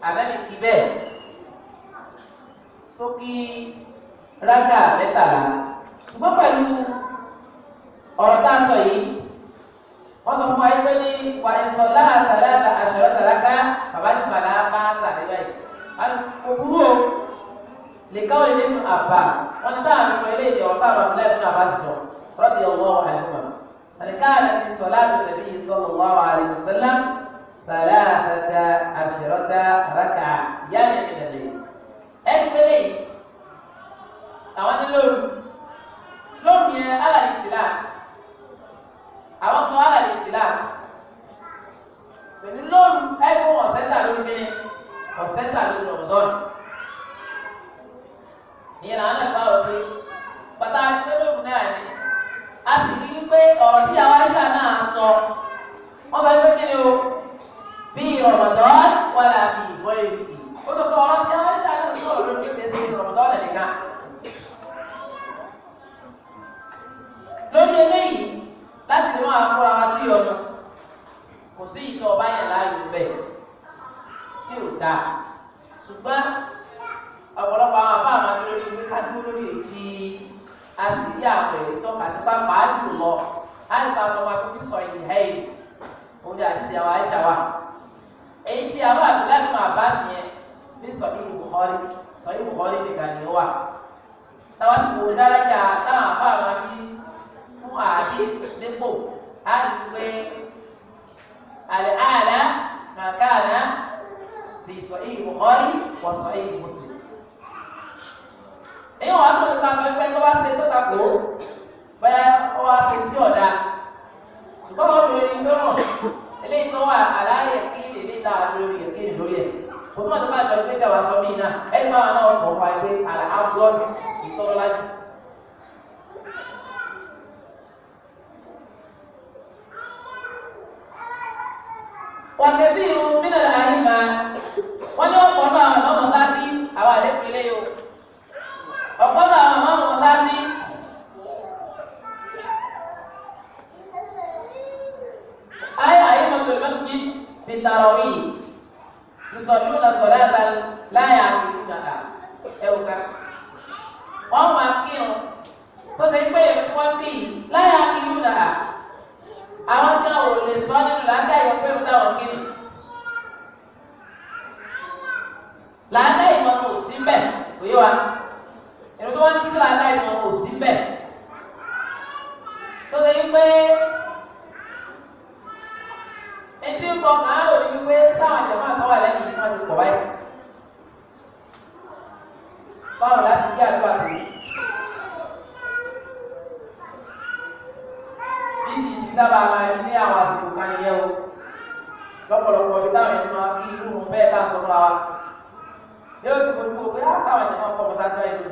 ànábì kí bẹ́ẹ̀ tó kí rákà mẹ́tàlá ṣùgbọ́n pẹ̀lú ọ̀rọ̀ tá a sọ yìí wọ́n sọ fún wa yí pé ní wà ní sọ láàtàlá àṣọ̀rọ̀ tàlákà bàbá ní bàlá bá sàdé báyìí òkúrú o lè káwọn ilé nù àbá wọn ní táwọn àmì ilé ìjọ ọba àwọn ọmọdé nù àbá sọ rọ́bì ọwọ́ àlùmọ̀ àlùkáàlù ti sọ láti tẹ̀lé ìsọ̀rọ̀ wà ثلاثة عشرة ركعة يعني ليه؟ الليل ليه؟ أوان اللون لون يا على الإسلام أوان على الإسلام من لون أكبر وسنة لون كني وسنة لون رمضان ìyẹn làwọn náà bá wọ pé bàtà ìgbélóhùn náà ni a sì rí i pé ọ̀rọ̀ tí àwọn àyíká bí ọ̀rọ̀dọ́ wà láàbí ìbọn èrè ó tó kọ́ ọ̀rọ̀ tí a máa ń ṣàlẹ̀ sọ̀rọ̀ lórí tó ṣe é sí ọ̀rọ̀dọ́ nìkan. lórí eléyìí láti lè máa fúra wa sí ọ̀nà kò sí ìtọ́ ọba yẹn láàyò bẹ́ẹ̀ tí ò dáa ṣùgbọ́n ọ̀pọ̀lọpọ̀ àwọn àbá àmà lórí ìwé kájú lórí èyí a sì rí àwọn èyí tó kàtí jù lọ á ní ká akókò sọ ìhẹ́yìn òun ni àti àwọn àìsà wa èyí tí àwọn abdullahi máa bá nìyẹn ní sọ̀rọ̀ bukhari sọ̀rọ̀ bukhari nìkan ni wà táwọn ti wò dáradà táwọn àbá wọn fi fún àdé dépò á lè pé àlè àlà màkàna lè sọ̀rọ̀ bukhari wọ̀ sọ̀rọ̀ muslim. èyí wọn á tó nípa pẹ́pẹ́ tó bá ṣe tó ta kó bẹ́ẹ̀ ó wá ṣe tí ọ̀dà ṣùgbọ́n obìnrin ló rọ̀ eléyìí tó wà aláyẹ kí èdè ta lórí ẹ̀ kéde lórí ẹ̀ kò tó wà tó bá jọ pé dàwà sọ mí náà ẹni bá wà náà sọ wà pé àlà ábúlọ́ọ̀dù ìtọ́lájú. wàkẹ́sí irun mílẹ̀ láyé máa wọ́n ní ọ̀pọ̀ náà àwọn ọmọ sáà sí àwọn àlẹ́ fi lé yìí o ọ̀pọ̀ náà àwọn ọmọ sáà sí. في التراويح يصلون صلاة لا يعرفونها ẹwùká wọn máa kírun tó ti pé wọn kì í láyà kí yóò dà àwọn tí wọn ò lè sọ nínú làákàyè pé wọn táwọn kírun làákàyè wọn kò sí mbẹ kò yé wa èrò tí wọn kí làákàyè wọn kò sí mbẹ tó ti pé ẹtí ń bọ kàn án rò ní wípé táwọn àjẹmọ́ àtọwà lẹ́yìn yìí sáà ti pọ̀ báyìí báwo láti gbé àdúrà tó bí ti ti sábà máa ní àwọn àsìkò kan yẹ o lọ́pọ̀lọpọ̀ bí táwọn ẹni máa fi irú un bẹ́ẹ̀ bá ń sọ́kọ́ wa yóò ti fojú o pé á ẹni máa fọwọ́ sáájú ẹ̀ lò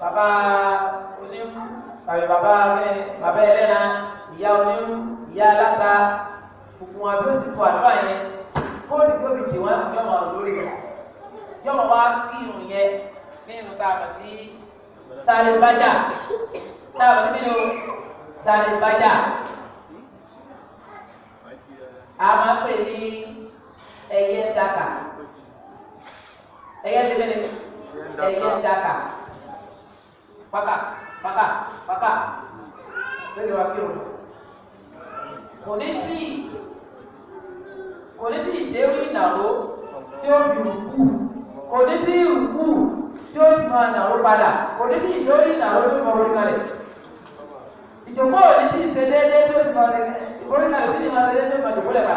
bàbá onífú tàbí bàbá ẹlẹ́na ìyá onírú ìyá aláta gbogbo wọn bí ó ti fọ àṣọ yẹn fóònù tó fi dè wọn yọmọ lórí rẹ yọmọ wá kírun yẹn nínú tá a mọ̀ sí sáré bájà tá a mọ̀ sí nínú sáré bájà a máa pè ní ẹyẹ dàkà ẹyẹ tẹ́lẹ̀ ẹyẹ dàkà pàkà pàkà pàkà lórí wa kírun kò ní sí kò ní sí ìdérí ìnàró tí ó fi rùkú kò ní sí rùkú tí ó fi máa nàró padà kò ní sí ìdérí ìnàró tí ó máa wọlé kalẹ̀ ìjòkó ò ní sí ìṣedéédé tí ó fi máa wọlé kalẹ̀ tí ó máa ṣedéédé tí ó máa jòkó lẹ̀ bá.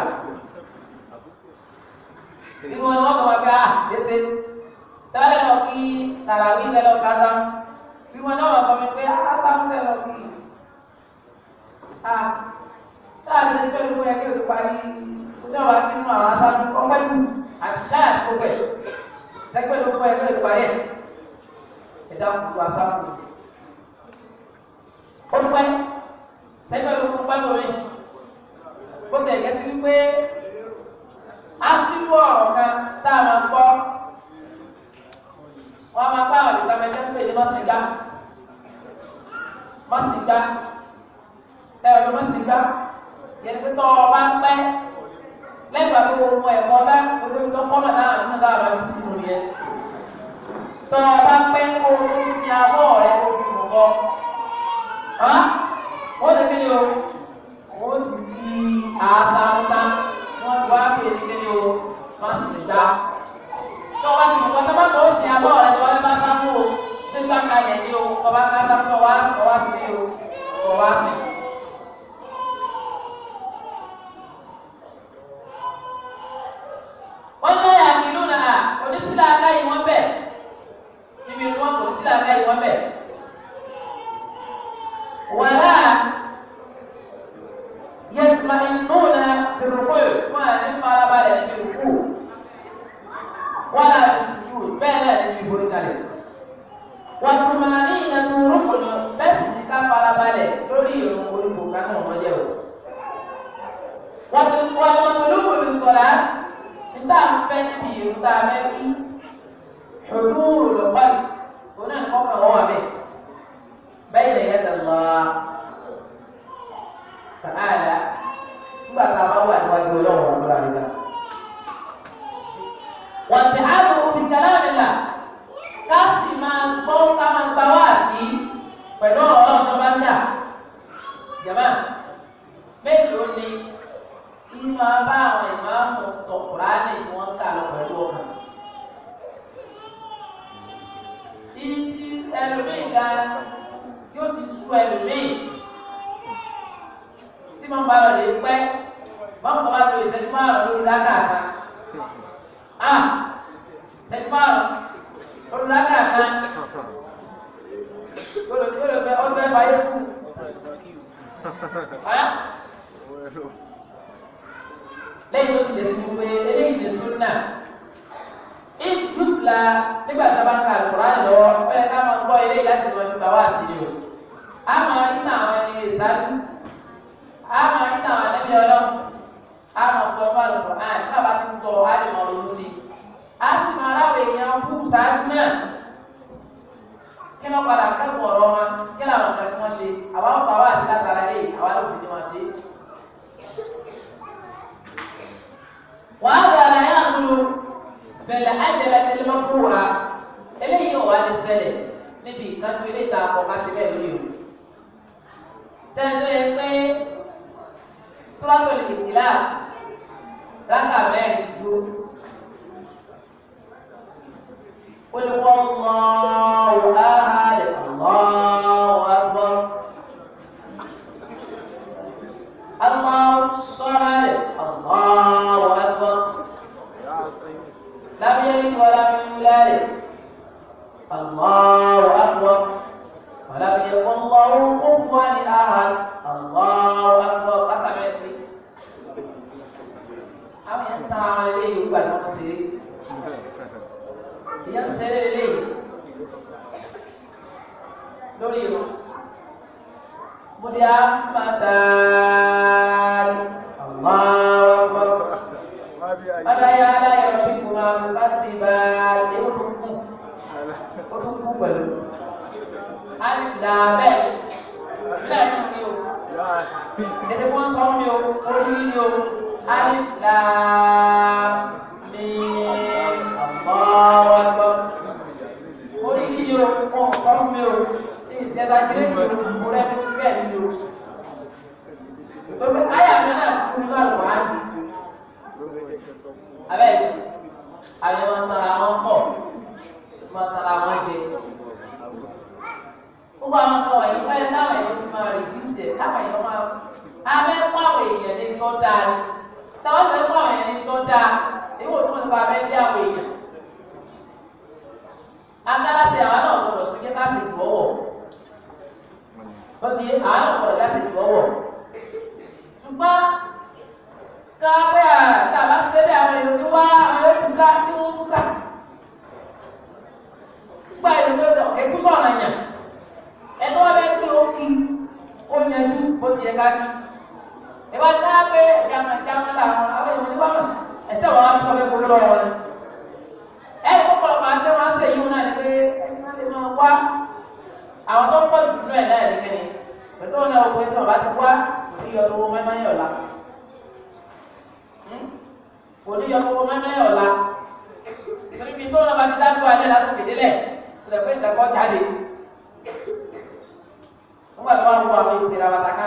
ìgbìmọ̀ ni wọ́n kọ́ wá pé a ah, ṣeéṣe tẹ́lẹ̀ lọ kí tàràwí tẹ́lẹ̀ lọ kásá ìgbìmọ̀ náà wọ́n sọ mi pé a ah, sáfẹ́ lọ kí a. Ah, sáàbì lè fẹ́ mú ẹgbẹ́ òkú parí oníwà nínú àwọn abájú ọgbẹ́kù àti ṣáà gbogbo ẹ̀ lẹ́gbẹ́ ló fọ́ ẹgbẹ́ òkú parí ẹ̀ ẹ̀dá òkú àbáwò. ó pẹ́ lẹ́gbẹ́ ló fún pẹ́lú mi bó tẹ̀ gẹ́sí wípé á sí wọ̀ ọ̀gá. pẹ̀lú ọ̀rọ̀ náà tó bá ń dà jàmá mélòó ni ìmọ̀ bá àwọn ìmáàmù tọ̀kùránì ni wọ́n ń kà lọ pẹ̀lú ọkàn. Ìdí ẹlòmíì ga yóò ti sú ẹlòmíì tí wọ́n bá lọ lè pẹ́ wọ́n kọ́ bá tó ìṣẹ́jú márùn lórí lákàtà. Ah! Ìṣẹ́jú márùn-ún lórí lákàtà olùfẹ́ ọ̀fẹ́ báyé fún lẹ́yìn tó ti lè fún pé eléyìí ti sún náà ìdúpla nígbà tí a bá ń ka àlùkòrá lọ pé ká máa a gbọ́ eléyìí láti lọ nípa wá àtìlẹ́ o a máa ń nà àwọn ẹni ìsáájú a máa ń nà àwọn ẹni ọlọ́run a máa ń gbọ́ ọmọ àlùkòrá náà bá ti ń gbọ́ a lè mọ̀ ọ́n lóṣì a sì máa ráwọ̀ èèyàn kú sáájú náà kí wọ́n padà kẹ́kọ̀ọ́ ọ̀rọ̀ wọn kí làwọn ọ̀gá tí wọ́n ṣe àwọn ọ̀pá wà sí látara lé àwọn àlòkù tí wọ́n ṣe. wàá gbà láyé àtúrò bẹ̀rẹ̀ àjẹlẹ̀ tẹlẹmọ́ kú wa eléyìí ò wá ti ṣẹlẹ̀ níbi ìtàkùn ilé ìta àpò máṣe bẹ́ẹ̀ lórí o. tẹ́lẹ̀ yẹ pé sọ́lá tó lè kìláàsì rákà mẹ́rin dúró. قل هو الله احد الله اكبر الله الصمد الله اكبر لم يلد ولم يولد الله اكبر ولم يكن له lero kemudian matan Allah ada ya ada ya Rabbi kurang katibat ya utuhmu utuhmu baru Alabe Lẹ́nu ni o. Èdè wọn sọ mi o, orí da grande bá ní. ẹ bá dá pé jama jama làwọn àwọn èèyàn ní báwọn ẹsẹ̀ wọn á sọ pé kó lọ́wọ́ wọn. ẹ kókò ọmọ àti wọn ṣe yíwọn náà ni pé ẹni wọn lè máa wá àwọn tó ń pọ̀ jù nínú ẹ̀ náà ní kẹ́ni pẹ̀lú ọ̀nà òkú tí wọn bá ti wá oníyọ lówó mẹ́mẹ́ yọ̀ la oníyọ hmm? lówó mẹ́mẹ́ yọ̀ la torí mi tó ń lọ bá ti dágbó alẹ́ la tó kéde lẹ̀ lọ pé ìtàkọ́ jáde wọ́n gbàgbọ́ àwọn àwọn ìṣẹ̀lẹ̀ àwọn àtàkà.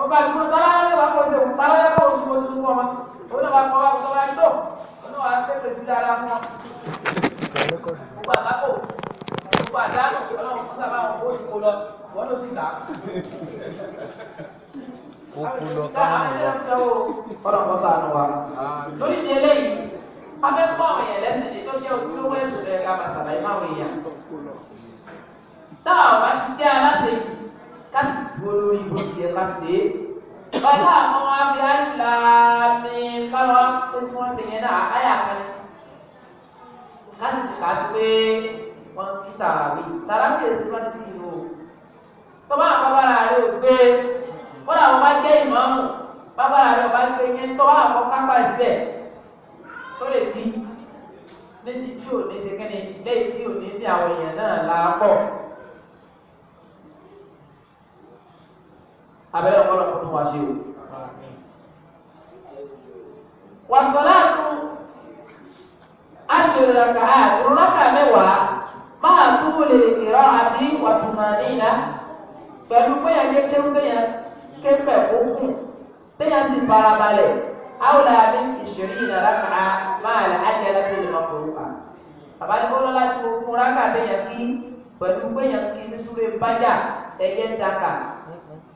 ọba àdúgbò sáláyà wà kó ṣe sáláyà kó oṣù oṣù fún ọmọ òun náà wà kó wà kó wà tó òun náà wà tẹ̀lé sí ara fún ọ. àbákò gbogbo àdánù ọlọ́run fún sábà wọn kó ìkó lọ wọn ló ti kà á. Oko lọ káwọn lọ. Ọlọ́run kọ́ sànù Lórí ti eléyìí, abẹ́kọ̀ àwọn èèyàn lẹ́sìn tó jẹ́ ojúlówó ẹ̀sùn rẹ̀ ká máa ṣàlàyé èèyàn. Táwọn bá ti jẹ́ aláṣẹ yìí láti dúró lórí bó ti yẹ ká ṣe é. ọ̀la àwọn abiyáńlá mi káwá pé tí wọ́n ṣe yẹn náà àyà kan láti kà á pé wọ́n kí tàràwí tàràwí èsì wọ́n ti kì í o. tọ́ba àkọ́bára rẹ̀ ò gbé kódà wọ́n bá jẹ́ ìmọ̀ọ́mù bábára rẹ̀ ọba gbé yẹn tọ́ba àkọ́kápá ìbẹ̀ tó lè fi ní ti tí ò ní ṣe kẹ́ni lẹ́yìn tí ò ní ṣe àwọn èèyàn náà la pọ̀. abẹ́rẹ́ ọ̀pọ̀lọpọ̀ tó wá ṣe o. wàsálàtú aṣèrànkà àìrúnlákà mẹ́wàá máa túbú lè kéré àti wàtúmánìyà pẹ̀lú péye ajé kéwúkéyà kéwúkẹ́ òkú péye ti farabalẹ̀ awla min ishirina raka'a máa lè ajẹ́ láti lè máa kó wá. àbálẹ́ kó rákà péye kí pẹ̀lú péye kí ní bájà ẹ̀yẹ́ dàkà.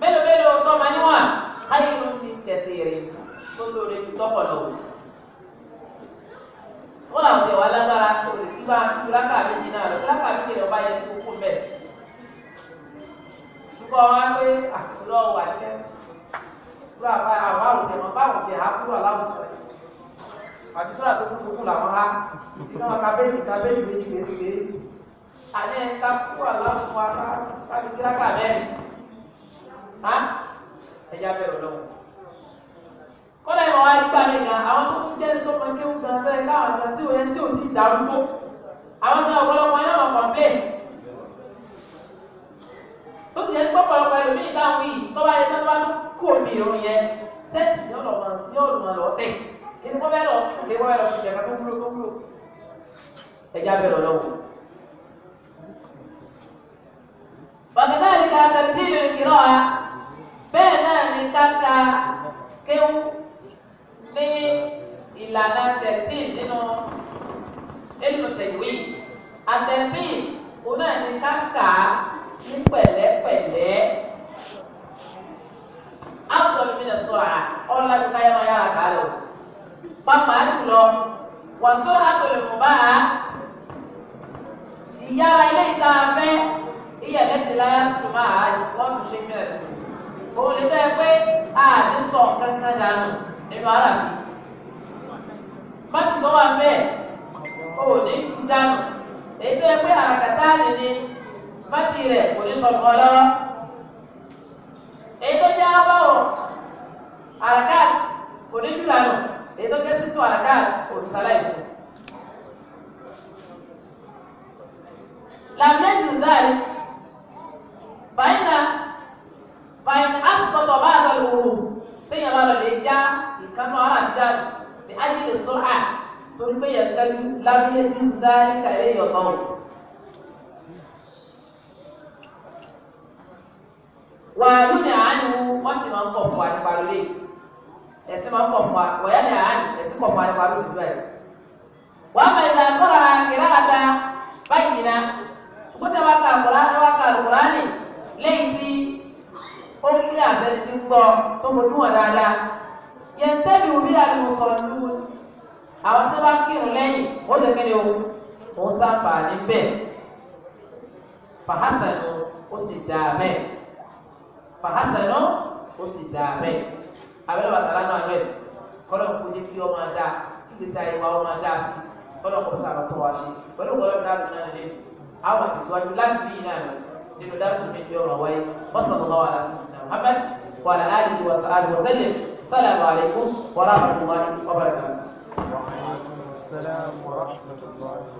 mélòó mélòó tọ́mọ níwọ̀n ayé ló ti tẹ̀sí rẹ̀ tó lóore ju tọ́pọ̀ lọ. wọ́n làwọn tẹ̀wá lágbára òrìṣì bá túlákà méjì náà lọ túlákà méjì lọ bá yẹ kó kú mẹ́. dúpọ̀ wá pé àkùrọ̀ wà jẹ́ kúrò àbá àwọn àwùjọ wọn bá àwùjọ á kúrò aláwùjọ àti sọ́dà tó kúrò kúrò làwọn á náà kábẹ́ẹ̀lì kábẹ́ẹ̀lì méjì méjì méjì àní ẹ̀ka kúrò aláwùjọ wa ká á ẹja bẹ̀rù lọ́wọ́ kọ́lá ìmọ̀ wá nípa mi gan àwọn tó ń jẹ́ tó máa kéwù gan fẹ́ káwọn àgbà tí òye tí ò ní ìdàrúgbó àwọn gan ọ̀pọ̀lọpọ̀ náà wọ̀ pàmpẹ́ tó ti yẹ kí ọ̀pọ̀lọpọ̀ ẹlòmíì táwọn yìí tó bá yẹ tó bá kú omi ìrún yẹn sẹ́ẹ̀tì yóò lọ máa yóò lọ máa lọ tẹ̀ kí ni wọ́n bẹ́ẹ̀ lọ sùn lé wọ́n bẹ́ẹ̀ lọ sùn jẹ̀ka tó wúlò tó wúlò ẹja bẹ̀rù lọ́wọ́. وكذلك ترتيب القراءة bẹ́ẹ̀ náà ni káka kéwú ní ìlànà tẹ̀sí nínú nínú tẹ̀wé àtẹ̀sí òun náà ni káka ní pẹ̀lẹ́pẹ̀lẹ́ áwùjọ mi nà sọ à ọ̀la ti ká yẹn yára ká lọ pápá jùlọ wà sọ́ra àtọ̀lẹ̀ mọ̀ bá a ìyára ilé ìta fẹ́ ìyẹ̀lẹ́sìn láyà tó máa àyè wọ́n fi ṣe mílẹ̀ tó òun lè fẹ́ pé àti sọ kankan dànù nínú ara mi. Mọ́tì tó wà bẹ́ẹ̀ òun ní ti dànù. Èyí tó yẹ pé àràkàtà lè ní mọ́tì rẹ̀ kò ní sọ kan lọ́wọ́. Èyí tó jẹ́ abáwọ̀ àràkà kò ní jù dànù. Èyí tó jẹ́ títún àràkà kò ní sálẹ̀ ìfún. لم يجد ذلك فإن فإن lóru téèyàn bá lọ lè já ìkánú aláàjá ní ájílè sọ́ra torí pé yẹn kájú lábíyé tí ń dá níka ilé ìyọ̀tọ̀ o. wàá lónìí àánú wọ́n sì máa ń pọ̀ fún wa nípa lórí ẹ̀sìn máa ń pọ̀ fún wa wọ̀nyá ni àánú ẹ̀sìn pọ̀ fún wa nípa lórí ìdúrà yìí. wàá máa ìlànà kọ́ra kìláàtà báyìí náà kó tẹ́ wá ká àkùrá ẹ wá ká àkùrá nì lẹ́yìn tí ó fún ní àbẹ́ni tí ń gbọ́ tó mojú wọn dáadáa yẹn tẹ́bi wù mí láti mo sọ̀rọ̀ nínú àwọn tó bá kírun lẹ́yìn ó lè kéde o òun sáfà níbẹ̀ fàhásẹ̀nù ó sì dà bẹ́ẹ̀ fàhásẹ̀nù ó sì dà bẹ́ẹ̀ abẹ́rẹ́ bàtà lánàá rẹ̀ kọ́lọ̀ kú ní kí ọmọ adá kí gbèsè àyè wa ọmọ adá sí kọ́lọ̀ kọ́ sábà tó wá sí pẹ̀lú kọ́lọ̀ dáàbò náà lé àwọn àtìsíwájú láti bí ìlànà nínú dáàbò méjì ọ̀rọ̀ wáyé wọ́n sọ̀rọ̀ lọ́wọ́ aláàbò. محمد وعلى آله وصحبه وسلم السلام عليكم ورحمة الله وبركاته وعليكم السلام ورحمة الله